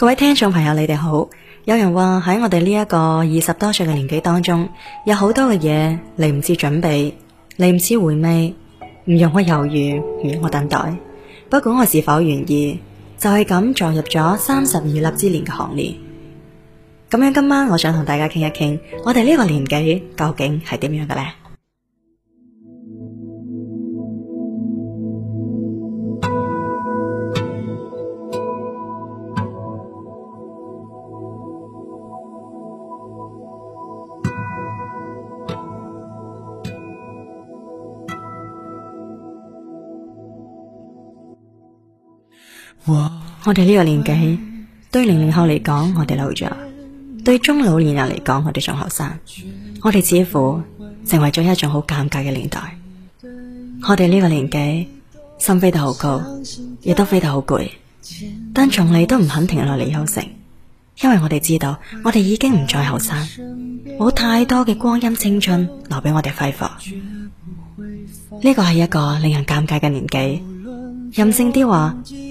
各位聽眾朋友，你哋好。有人話喺我哋呢一個二十多歲嘅年紀當中，有好多嘅嘢嚟唔切準備，嚟唔切回味，唔容我猶豫，唔容我等待。不管我是否願意，就係咁撞入咗三十而立之年嘅行列。咁樣今晚我想同大家傾一傾，我哋呢個年紀究竟係點樣嘅咧？Wow, 我哋呢個年紀，對零零後嚟講，我哋老咗；對中老年人嚟講，我哋仲後生。我哋似乎成為咗一種好尷尬嘅年代。我哋呢個年紀，心飛得好高，亦都飛得好攰，但從嚟都唔肯停落嚟休息，因為我哋知道，我哋已經唔再後生，冇太多嘅光陰青春留俾我哋揮霍。呢個係一個令人尷尬嘅年紀。任性啲話。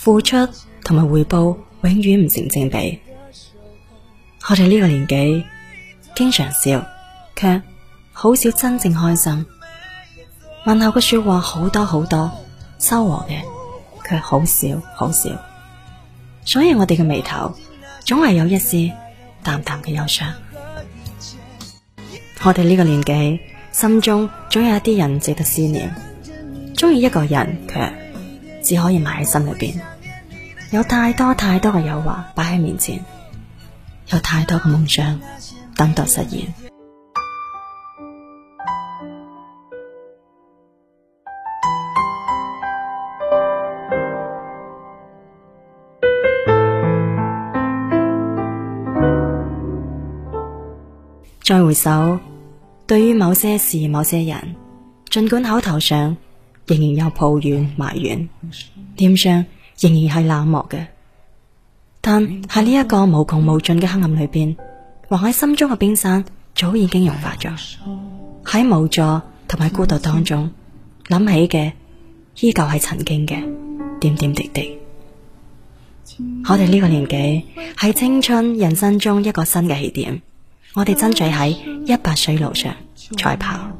付出同埋回報永遠唔成正比。我哋呢個年紀經常笑，卻好少真正開心。問候嘅說話好多好多，收穫嘅卻好少好少。所以我哋嘅眉頭總係有一絲淡淡嘅憂傷。我哋呢個年紀心中總有一啲人值得思念，鍾意一個人卻。只可以埋喺心裏邊，有太多太多嘅誘惑擺喺面前，有太多嘅夢想等待實現。再回首，對於某些事、某些人，儘管口頭上。仍然有抱怨、埋怨，臉上仍然係冷漠嘅。但喺呢一個無窮無盡嘅黑暗裏邊，橫喺心中嘅冰山早已經融化咗。喺無助同埋孤獨當中，諗起嘅依舊係曾經嘅點點滴滴。我哋呢個年紀係青春人生中一個新嘅起點，我哋爭取喺一百歲路上賽跑。